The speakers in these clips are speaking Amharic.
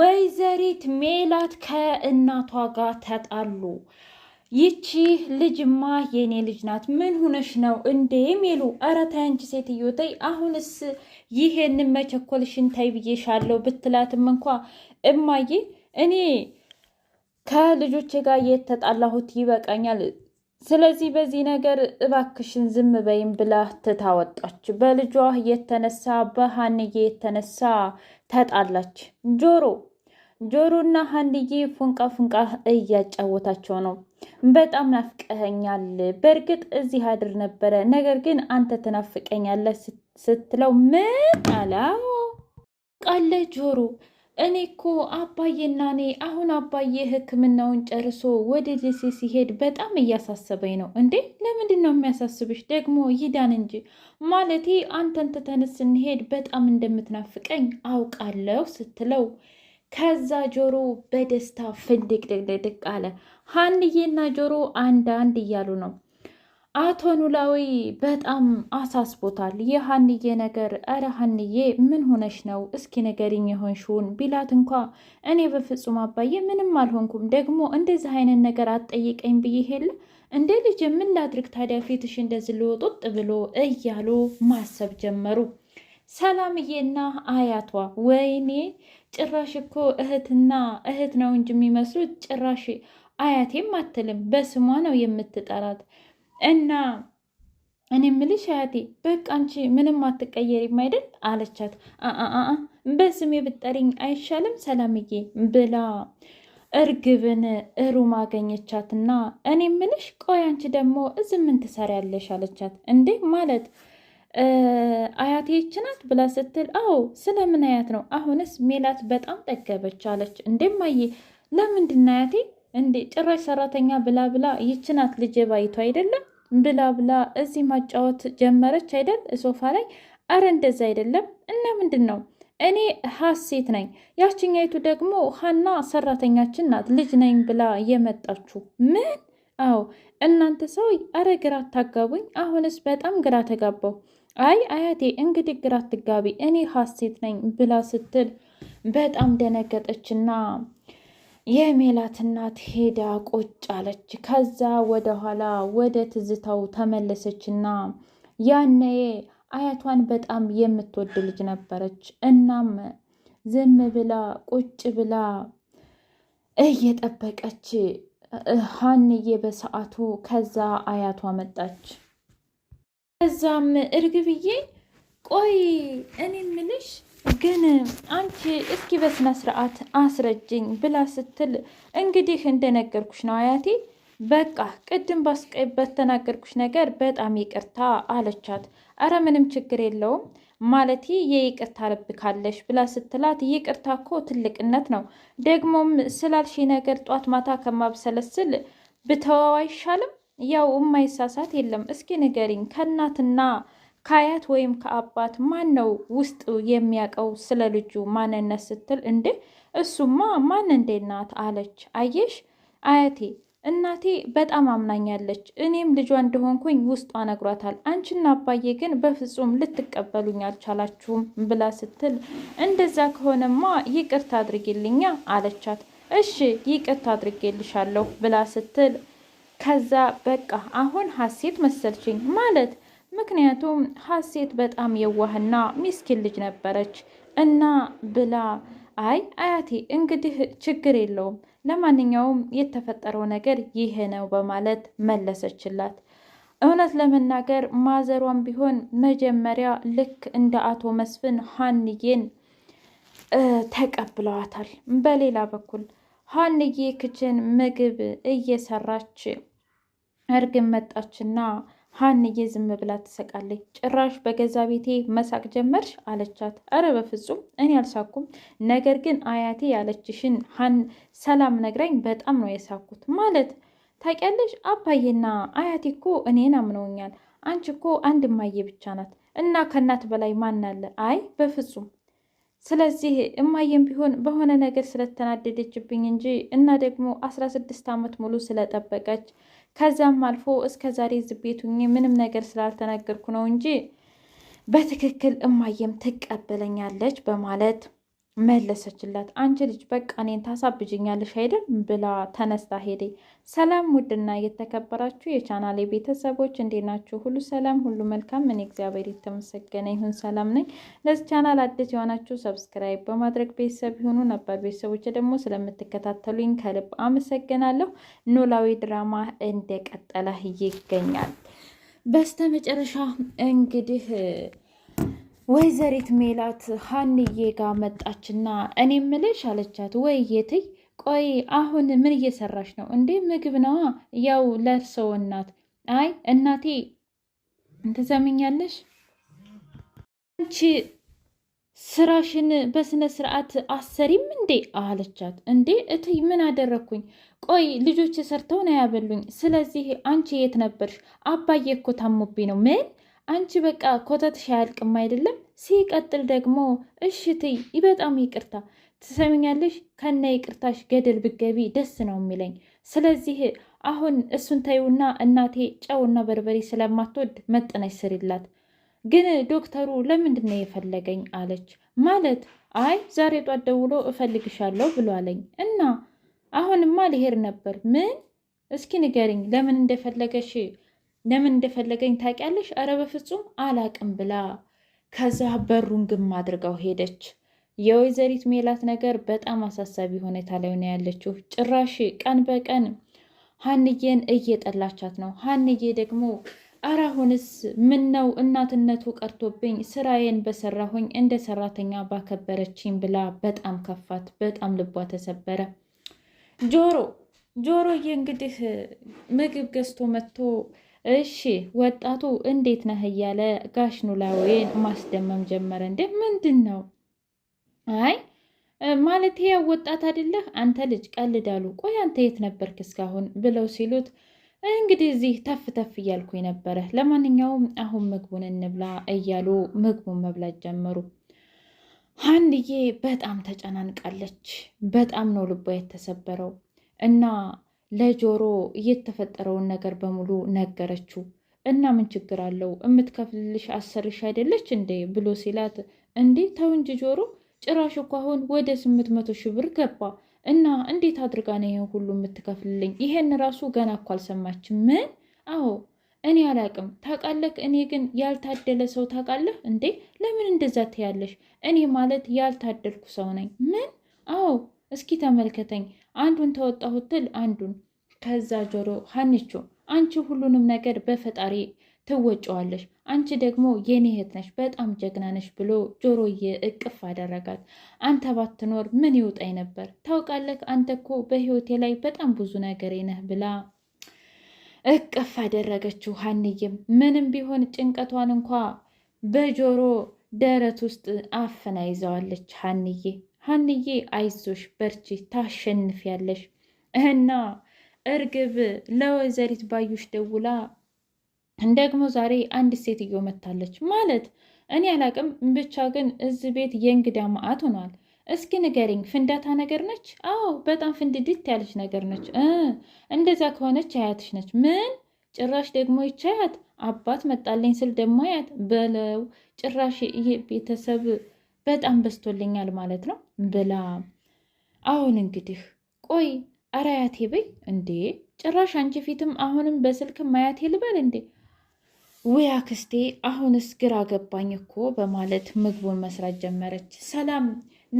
ወይዘሪት ሜላት ከእናቷ ጋር ተጣሉ። ይቺ ልጅማ የኔ ልጅ ናት። ምን ሁነሽ ነው እንዴ የሚሉ ኧረ ተይ አንቺ ሴትዮ ተይ፣ አሁንስ ይሄንን መቸኮልሽን ተይ ብዬሻለሁ ብትላትም እንኳ እማዬ እኔ ከልጆቼ ጋር የተጣላሁት ይበቃኛል ስለዚህ በዚህ ነገር እባክሽን ዝም በይም ብላ ትታወጣች። በልጇ የተነሳ በሀንዬ የተነሳ ተጣላች። ጆሮ ጆሮና ሀንዬ ፉንቃ ፉንቃ እያጫወታቸው ነው። በጣም ናፍቀኸኛል፣ በእርግጥ እዚህ አድር ነበረ፣ ነገር ግን አንተ ትናፍቀኛለህ ስትለው ምን አለ ቃለ ጆሮ እኔ እኮ አባዬና እኔ አሁን አባዬ ሕክምናውን ጨርሶ ወደ ደሴ ሲሄድ በጣም እያሳሰበኝ ነው። እንዴ ለምንድን ነው የሚያሳስብሽ? ደግሞ ይዳን እንጂ ማለቴ አንተን ትተንስ ስንሄድ በጣም እንደምትናፍቀኝ አውቃለሁ ስትለው ከዛ ጆሮ በደስታ ፍንድቅድቅድቅ አለ። ሀንዬና ጆሮ አንድ አንድ እያሉ ነው አቶ ኖላዊ በጣም አሳስቦታል የሀንዬ ነገር። እረ ሀንዬ ምን ሆነሽ ነው? እስኪ ንገሪኝ የሆንሽውን ቢላት እንኳ እኔ በፍጹም አባዬ ምንም አልሆንኩም፣ ደግሞ እንደዚህ አይነት ነገር አትጠይቀኝ ብዬ ሄለ እንደ ልጅ ምን ላድርግ ታዲያ ፊትሽ እንደዚህ ልወጡጥ ብሎ እያሉ ማሰብ ጀመሩ። ሰላምዬና አያቷ ወይኔ ጭራሽ እኮ እህትና እህት ነው እንጂ የሚመስሉት ጭራሽ አያቴም አትልም፣ በስሟ ነው የምትጠራት እና እኔ ምልሽ አያቴ በቃ አንቺ ምንም አትቀየሪም አይደል? አለቻት። አአ በስሜ ብጠሪኝ አይሻልም ሰላምዬ ብላ እርግብን እሩም አገኘቻትና እኔ የምልሽ ቆይ አንቺ ደግሞ እዚህ ምን ትሰሪያለሽ? አለቻት። እንዴ ማለት አያቴ ይህች ናት ብላ ስትል፣ አዎ ስለምን አያት ነው? አሁንስ ሜላት በጣም ጠገበች አለች። እንዴ ማዬ ለምንድን አያቴ እንዴ ጭራሽ ሰራተኛ ብላ ብላ ይችናት ልጅ ባይቶ አይደለም ብላ ብላ እዚህ ማጫወት ጀመረች አይደል ሶፋ ላይ አረ እንደዛ አይደለም እና ምንድን ነው እኔ ሀሴት ነኝ ያችኛይቱ ደግሞ ሀና ሰራተኛችን ናት ልጅ ነኝ ብላ የመጣችሁ ምን አዎ እናንተ ሰው አረ ግራ አታጋቡኝ አሁንስ በጣም ግራ ተጋባው አይ አያቴ እንግዲህ ግራ አትጋቢ እኔ ሀሴት ነኝ ብላ ስትል በጣም ደነገጠችና የሜላት እናት ሄዳ ቁጭ አለች። ከዛ ወደኋላ ወደ ትዝታው ተመለሰችና ያኔ አያቷን በጣም የምትወድ ልጅ ነበረች። እናም ዝም ብላ ቁጭ ብላ እየጠበቀች ሀንዬ በሰዓቱ ከዛ አያቷ መጣች። ከዛም እርግብዬ ቆይ እኔ ምልሽ ግን አንቺ እስኪ በስነ ስርዓት አስረጅኝ ብላ ስትል እንግዲህ እንደነገርኩሽ ነው አያቴ፣ በቃ ቅድም በተናገርኩሽ ነገር በጣም ይቅርታ አለቻት። አረ ምንም ችግር የለውም ማለት የይቅርታ ልብ ካለሽ ብላ ስትላት፣ ይቅርታ እኮ ትልቅነት ነው። ደግሞም ስላልሽ ነገር ጧት ማታ ከማብሰለስል ብተወው አይሻልም? ያው የማይሳሳት የለም። እስኪ ንገሪኝ ከእናትና ከአያት ወይም ከአባት ማን ነው ውስጥ የሚያውቀው ስለ ልጁ ማንነት ስትል፣ እንዴ እሱማ ማን እንዴ ናት አለች። አየሽ አያቴ እናቴ በጣም አምናኛለች። እኔም ልጇ እንደሆንኩኝ ውስጧ ነግሯታል። አንቺና አባዬ ግን በፍጹም ልትቀበሉኝ አልቻላችሁም ብላ ስትል፣ እንደዛ ከሆነማ ይቅርታ አድርጌልኛ አለቻት። እሺ ይቅርታ አድርጌልሻለሁ ብላ ስትል፣ ከዛ በቃ አሁን ሀሴት መሰልችኝ ማለት ምክንያቱም ሀሴት በጣም የዋህና ሚስኪን ልጅ ነበረች እና ብላ አይ አያቴ እንግዲህ ችግር የለውም ለማንኛውም የተፈጠረው ነገር ይሄ ነው በማለት መለሰችላት። እውነት ለመናገር ማዘሯም ቢሆን መጀመሪያ ልክ እንደ አቶ መስፍን ሀንዬን ተቀብለዋታል። በሌላ በኩል ሀንዬ ክችን ምግብ እየሰራች እርግን መጣችና ሀንዬ ዝም ብላ ትሰቃለች ጭራሽ በገዛ ቤቴ መሳቅ ጀመርሽ አለቻት። አረ በፍጹም እኔ አልሳኩም፣ ነገር ግን አያቴ ያለችሽን ሀን ሰላም ነግራኝ በጣም ነው የሳኩት። ማለት ታውቂያለሽ፣ አባዬና አያቴ እኮ እኔን አምነውኛል። አንቺ እኮ አንድ እማዬ ብቻ ናት እና ከእናት በላይ ማን አለ? አይ በፍጹም ስለዚህ እማዬም ቢሆን በሆነ ነገር ስለተናደደችብኝ እንጂ እና ደግሞ አስራ ስድስት ዓመት ሙሉ ስለጠበቀች ከዛም አልፎ እስከ ዛሬ ዝቤቱኝ ምንም ነገር ስላልተናገርኩ ነው እንጂ በትክክል እማየም ትቀበለኛለች በማለት መለሰችላት። አንቺ ልጅ በቃ እኔን ታሳብጅኛለሽ አይደል ብላ ተነስታ ሄደ። ሰላም ውድና የተከበራችሁ የቻናሌ ቤተሰቦች እንዴት ናችሁ? ሁሉ ሰላም፣ ሁሉ መልካም። እኔ እግዚአብሔር የተመሰገነ ይሁን ሰላም ነኝ። ለዚህ ቻናል አዲስ የሆናችሁ ሰብስክራይብ በማድረግ ቤተሰብ ይሁኑ። ነባር ቤተሰቦች ደግሞ ስለምትከታተሉኝ ከልብ አመሰግናለሁ። ኖላዊ ድራማ እንደቀጠለ ይገኛል። በስተመጨረሻ እንግዲህ ወይዘሪት ሜላት ሀንዬ ጋር መጣችና እኔ ምልሽ አለቻት። ወይ የትይ ቆይ አሁን ምን እየሰራሽ ነው እንዴ? ምግብ ነዋ። ያው ለሰው እናት። አይ እናቴ ትሰሚኛለሽ፣ አንቺ ስራሽን በስነ ስርዓት አሰሪም እንዴ አለቻት። እንዴ እትይ ምን አደረግኩኝ? ቆይ ልጆች ሰርተው ነው ያበሉኝ። ስለዚህ አንቺ የት ነበርሽ? አባዬ እኮ ነው። ምን አንቺ በቃ ኮተትሽ አያልቅም አይደለም? ሲቀጥል ደግሞ እሽትይ ይበጣም ይቅርታ ትሰሚኛለሽ፣ ከነ ይቅርታሽ ገደል ብገቢ ደስ ነው የሚለኝ። ስለዚህ አሁን እሱን ተይውና እናቴ ጨውና በርበሬ ስለማትወድ መጥነሽ ስሪላት። ግን ዶክተሩ ለምንድን ነው የፈለገኝ አለች። ማለት አይ ዛሬ ጧት ደውሎ እፈልግሻለሁ ብሏለኝ እና አሁንማ ልሄድ ነበር። ምን እስኪ ንገርኝ ለምን እንደፈለገሽ ለምን እንደፈለገኝ ታውቂያለሽ? አረ በፍጹም አላቅም ብላ ከዛ በሩን ግም አድርጋው ሄደች። የወይዘሪት ሜላት ነገር በጣም አሳሳቢ ሁኔታ ላይ ነው ያለችው። ጭራሽ ቀን በቀን ሀንዬን እየጠላቻት ነው። ሀንዬ ደግሞ አረ አሁንስ ምን ነው እናትነቱ ቀርቶብኝ ስራዬን በሰራሁኝ እንደ ሰራተኛ ባከበረችኝ ብላ በጣም ከፋት። በጣም ልቧ ተሰበረ። ጆሮ ጆሮዬ እንግዲህ ምግብ ገዝቶ መጥቶ እሺ ወጣቱ እንዴት ነህ እያለ ጋሽ ኖላዊን ማስደመም ጀመረ። እንዴ ምንድን ነው? አይ ማለት ያው ወጣት አይደለህ አንተ ልጅ ቀልዳሉ። ቆይ አንተ የት ነበርክ እስካሁን ብለው ሲሉት እንግዲህ እዚህ ተፍ ተፍ እያልኩ ነበረ። ለማንኛውም አሁን ምግቡን እንብላ እያሉ ምግቡን መብላት ጀመሩ። ሀንዬ በጣም ተጨናንቃለች። በጣም ነው ልቧ የተሰበረው እና ለጆሮ የተፈጠረውን ነገር በሙሉ ነገረችው። እና ምን ችግር አለው የምትከፍልልሽ አሰርሽ አይደለች እንዴ ብሎ ሲላት፣ እንዴ ተው እንጂ ጆሮ ጭራሽ እኮ አሁን ወደ ስምንት መቶ ሺህ ብር ገባ እና እንዴት አድርጋ ነው ይህን ሁሉ የምትከፍልልኝ? ይሄን ራሱ ገና እኮ አልሰማችም። ምን? አዎ እኔ አላቅም ታውቃለህ። እኔ ግን ያልታደለ ሰው ታውቃለህ እንዴ? ለምን እንደዛ ትያለሽ? እኔ ማለት ያልታደልኩ ሰው ነኝ። ምን? አዎ እስኪ ተመልከተኝ አንዱን ተወጣሁት ትል አንዱን ከዛ ጆሮ ሀንቹ አንቺ ሁሉንም ነገር በፈጣሪ ትወጪዋለሽ፣ አንቺ ደግሞ የኔ እህት ነሽ፣ በጣም ጀግና ነሽ ብሎ ጆሮዬ እቅፍ አደረጋት። አንተ ባትኖር ምን ይውጣኝ ነበር? ታውቃለህ፣ አንተ እኮ በህይወቴ ላይ በጣም ብዙ ነገር ነህ ብላ እቅፍ አደረገችው። ሀንዬም ምንም ቢሆን ጭንቀቷን እንኳ በጆሮ ደረት ውስጥ አፍና ይዘዋለች ሀንዬ ሀንዬ አይዞሽ በርቺ ታሸንፊያለሽ እና እርግብ ለወይዘሪት ባዩሽ ደውላ ደግሞ ዛሬ አንድ ሴትዮ መታለች ማለት እኔ አላቅም። ብቻ ግን እዚህ ቤት የእንግዳ ማዕት ሆኗል። እስኪ ንገሪኝ፣ ፍንዳታ ነገር ነች? አዎ በጣም ፍንድድት ያለች ነገር ነች። እንደዛ ከሆነች አያትሽ ነች። ምን ጭራሽ ደግሞ ይቻያት አባት መጣልኝ ስል ደግሞ አያት በለው ጭራሽ ይሄ ቤተሰብ በጣም በዝቶልኛል ማለት ነው ብላ አሁን እንግዲህ ቆይ ኧረ አያቴ በይ እንዴ! ጭራሽ አንቺ ፊትም አሁንም በስልክም አያቴ ልበል እንዴ? ውይ አክስቴ፣ አሁንስ ግራ ገባኝ እኮ በማለት ምግቡን መስራት ጀመረች። ሰላም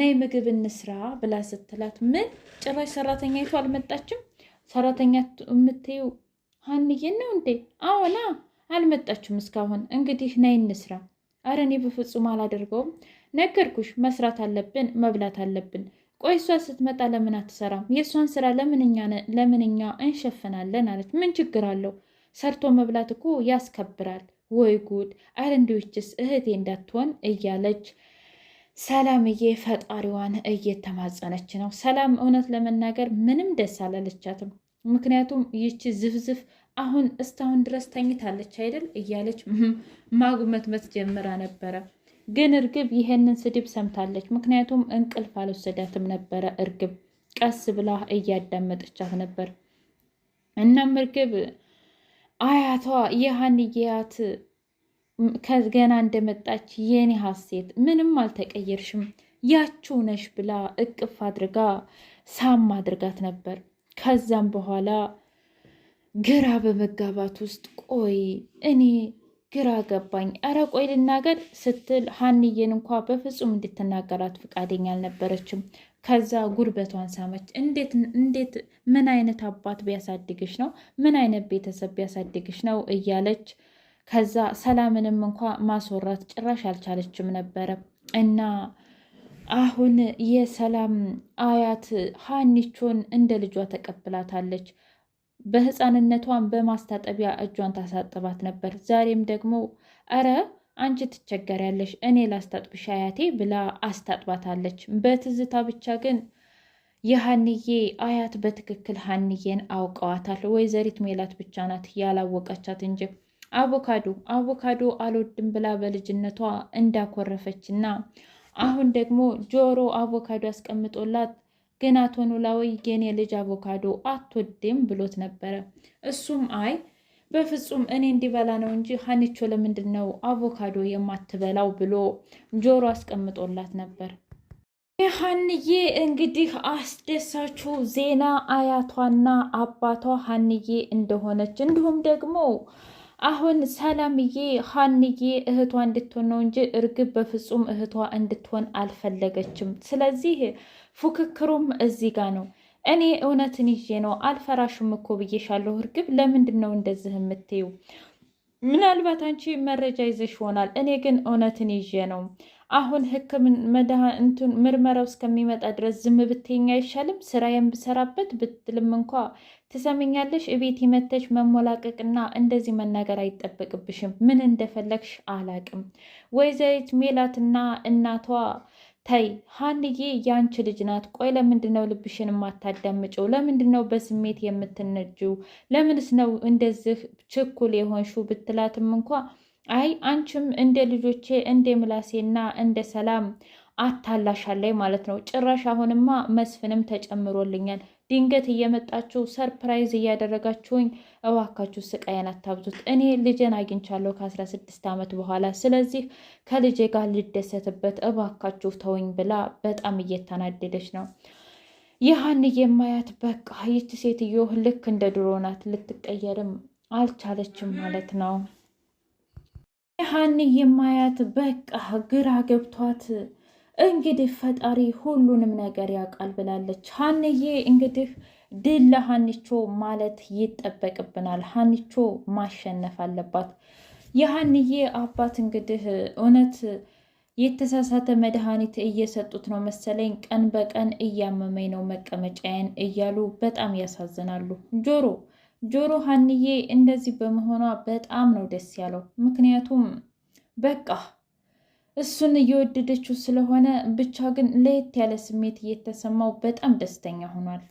ነይ ምግብ እንስራ ብላ ስትላት ምን ጭራሽ ሰራተኛይቱ አልመጣችም? ሰራተኛ የምትዩ ሀንዬን ነው እንዴ? አዎና፣ አልመጣችም እስካሁን። እንግዲህ ነይ እንስራ። ኧረ እኔ በፍጹም አላደርገውም ነገርኩሽ፣ መስራት አለብን፣ መብላት አለብን። ቆይ እሷ ስትመጣ ለምን አትሰራም? የእሷን ስራ ለምንኛ እኛ እንሸፍናለን? አለች። ምን ችግር አለው? ሰርቶ መብላት እኮ ያስከብራል። ወይ ጉድ! አይረንዶችስ እህቴ እንዳትሆን እያለች ሰላምዬ ፈጣሪዋን እየተማጸነች ነው። ሰላም እውነት ለመናገር ምንም ደስ አላለቻትም። ምክንያቱም ይቺ ዝፍዝፍ አሁን እስካሁን ድረስ ተኝታለች አይደል? እያለች ማጉመትመት ጀምራ ነበረ። ግን እርግብ ይህንን ስድብ ሰምታለች። ምክንያቱም እንቅልፍ አልወሰዳትም ነበረ። እርግብ ቀስ ብላ እያዳመጠቻት ነበር። እናም እርግብ አያቷ የሀንዬያት ከገና እንደመጣች የኔ ሀሴት ምንም አልተቀየርሽም ያችው ነሽ ብላ እቅፍ አድርጋ ሳም አድርጋት ነበር። ከዛም በኋላ ግራ በመጋባት ውስጥ ቆይ እኔ ግራ ገባኝ። እረ ቆይ ልናገር ስትል ሀንዬን እንኳ በፍጹም እንድትናገራት ፈቃደኛ አልነበረችም። ከዛ ጉርበቷን ሳመች። እንዴት እንዴት ምን አይነት አባት ቢያሳድግሽ ነው? ምን አይነት ቤተሰብ ቢያሳድግሽ ነው? እያለች ከዛ ሰላምንም እንኳ ማስወራት ጭራሽ አልቻለችም ነበረ እና አሁን የሰላም አያት ሀኒቾን እንደ ልጇ ተቀብላታለች። በህፃንነቷን በማስታጠቢያ እጇን ታሳጥባት ነበር። ዛሬም ደግሞ እረ አንቺ ትቸገሪያለሽ እኔ ላስታጥብሽ አያቴ ብላ አስታጥባታለች። በትዝታ ብቻ ግን የሀንዬ አያት በትክክል ሀንዬን አውቀዋታል። ወይዘሪት ሜላት ብቻ ናት ያላወቀቻት እንጂ አቮካዶ አቮካዶ አልወድም ብላ በልጅነቷ እንዳኮረፈች እና አሁን ደግሞ ጆሮ አቮካዶ አስቀምጦላት ግን አቶ ኖላዊ የኔ ልጅ አቮካዶ አትወድም ብሎት ነበረ። እሱም አይ በፍጹም እኔ እንዲበላ ነው እንጂ ሀኒቾ ለምንድን ነው አቮካዶ የማትበላው ብሎ ጆሮ አስቀምጦላት ነበር። ሀንዬ እንግዲህ አስደሳቹ ዜና አያቷና አባቷ ሀንዬ እንደሆነች እንዲሁም ደግሞ አሁን ሰላምዬ ሀንዬ እህቷ እንድትሆን ነው እንጂ እርግብ በፍጹም እህቷ እንድትሆን አልፈለገችም። ስለዚህ ፉክክሩም እዚህ ጋ ነው። እኔ እውነትን ይዤ ነው አልፈራሽም እኮ ብዬሻለሁ። እርግብ ለምንድን ነው እንደዚህ የምትዩ? ምናልባት አንቺ መረጃ ይዘሽ ይሆናል። እኔ ግን እውነትን ይዤ ነው። አሁን ህክም መድኃኒቱን ምርመራው እስከሚመጣ ድረስ ዝም ብትይኝ አይሻልም? ስራ የምሰራበት ብትልም እንኳ ትሰምኛለሽ። እቤት ይመተሽ መሞላቀቅና እንደዚህ መናገር አይጠበቅብሽም። ምን እንደፈለግሽ አላቅም። ወይዘሪት ሜላትና እናቷ ተይ ሀንዬ ያንቺ ልጅ ናት። ቆይ ለምንድን ነው ልብሽን የማታዳምጪው? ለምንድን ነው በስሜት የምትነጂው? ለምንስ ነው እንደዚህ ችኩል የሆንሽው? ብትላትም እንኳ አይ አንቺም እንደ ልጆቼ እንደ ምላሴና እንደ ሰላም አታላሻለይ ማለት ነው። ጭራሽ አሁንማ መስፍንም ተጨምሮልኛል ድንገት እየመጣችሁ ሰርፕራይዝ እያደረጋችሁኝ እባካችሁ ስቃዬን አታብዙት። እኔ ልጄን አግኝቻለሁ ከ16 ዓመት በኋላ፣ ስለዚህ ከልጄ ጋር ልደሰትበት እባካችሁ ተውኝ ብላ በጣም እየተናደደች ነው። ይህን የማያት በቃ ይቺ ሴትዮ ልክ እንደ ድሮ ናት፣ ልትቀየርም አልቻለችም ማለት ነው። ይህን የማያት በቃ ግራ ገብቷት እንግዲህ ፈጣሪ ሁሉንም ነገር ያውቃል ብላለች ሀንዬ። እንግዲህ ድል ለሀኒቾ ማለት ይጠበቅብናል። ሀኒቾ ማሸነፍ አለባት። የሀንዬ አባት እንግዲህ እውነት የተሳሳተ መድኃኒት እየሰጡት ነው መሰለኝ፣ ቀን በቀን እያመመኝ ነው መቀመጫዬን እያሉ በጣም ያሳዝናሉ። ጆሮ ጆሮ ሀንዬ እንደዚህ በመሆኗ በጣም ነው ደስ ያለው። ምክንያቱም በቃ እሱን እየወደደችው ስለሆነ ብቻ ግን ለየት ያለ ስሜት እየተሰማው በጣም ደስተኛ ሆኗል።